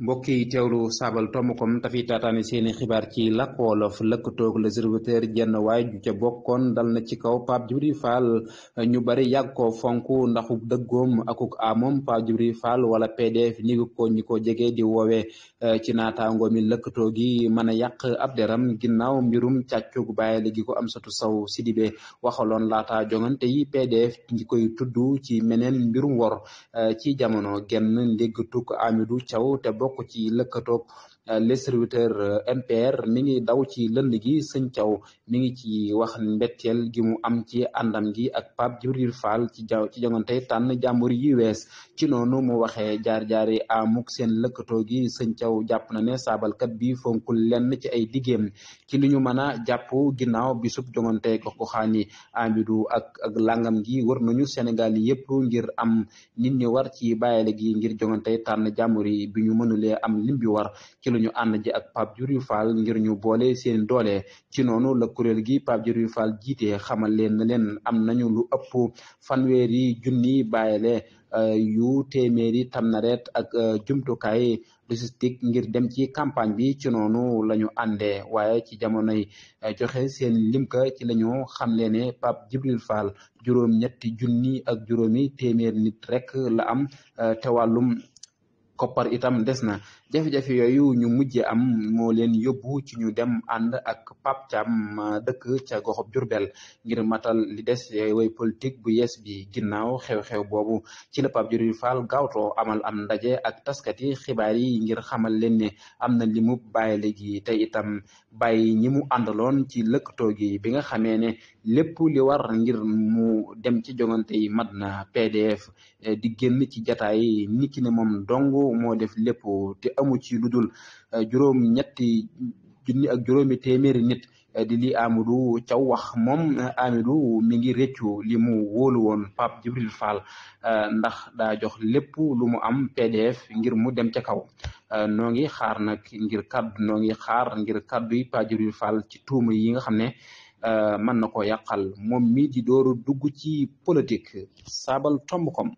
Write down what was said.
mbokk yi teewlu saabal tomb kom tafi taataani seeni xibaar ci làkk wolof lëkkatoog l'Observateur jenn waay ju ca bokkoon dal na ci kaw Pape Djibril Fall ñu bari yàgg ko fonk ndaxu dëggoom akuk amoom Pape Djibril Fall wala pdf ni ko ñi ko jegee di woowee eh, ci naataangoo mi lëkkatoo gi mën a yàq ab deram ginnaaw mbirum càccug bàyyile gi ko am satu saw Sidibé waxaloon laata jongante yi pdf ñi koy tudd ci meneen mbirum wor eh, ci jamono genn ndégg tukk Amidou Thiaw bokk ci lëkkatoog Euh, les serviteurs NPR euh, mi ngi daw ci lënd gi sëñ Thiaw mi ngi ci wax mbetteel gi mu am ci àndam gi ak Pape Djibril Fall ci jaw ci jongante tànn jàmbur yi wees ci noonu mu waxee jaar-jaari amuk seen lëkkatoo gi sëñ jàpp na ne saabalkat bi fonkul lenn ci ay diggéem ci li ñu mën a jàpp ginnaaw bi sub jongante yi amidu ak ak langam gi wër nañu Sénégal yépp ngir am nit ñi war ci bàyyile gi ngir jongante tànn jàmbur yi bi ñu mënulee am lim war ci la ànd ji ak Pape Djibril Fall ngir ñu boole seen doole ci noonu la kuréel gi Pape Djibril faal jiite xamal leen na leen am nañu lu ëpp fanweeri junni bàyyile euh, yu téeméeri tamnareet ak euh, jumtukaay logistique ngir dem ci campagne bi ci noonu la ñu àndee waaye ci jamonoy euh, joxe seen limka ci la ñu xamle ne Pape Djibril Fall juróom-ñetti junni ak juróomi téeméer nit rek la am te koppar itam des na jafe-jafe yooyu ñu mujj am moo leen yóbbu ci ñu dem ànd ak Pape Thiam dëkk ca goxob Jurbel ngir matal li des way politique bu yees bi ginnaaw xew-xew boobu ci la Pape Djibril Fall gaawtoo amal am ndaje ak taskati xibaar yi ngir xamal leen ne am na li mu bàyyi léegi te itam bàyyi ñi mu àndaloon ci lëkkatoo gi bi nga xamee ne lépp li war ngir mu dem ci jongante yi mat na PDF eh, di génn ci jataay nit ne moom dong moo def lépp te amu ci lu dul eh, juróom ak juróomi téeméeri nit eh, di li caw wax moom eh, Amadou mi ngi réccu li mu wóolu woon Pape Djibril Fall ndax daa jox lépp lu mu am PDF ngir mu dem ca kaw noo ngi xaar nag ngir kaddu noo ngi xaar ngir kaddu yi Pape Djibril Fall ci tuuma yi nga xam ne mën na ko yàqal moom mii dugg ci politique saabal tomb kom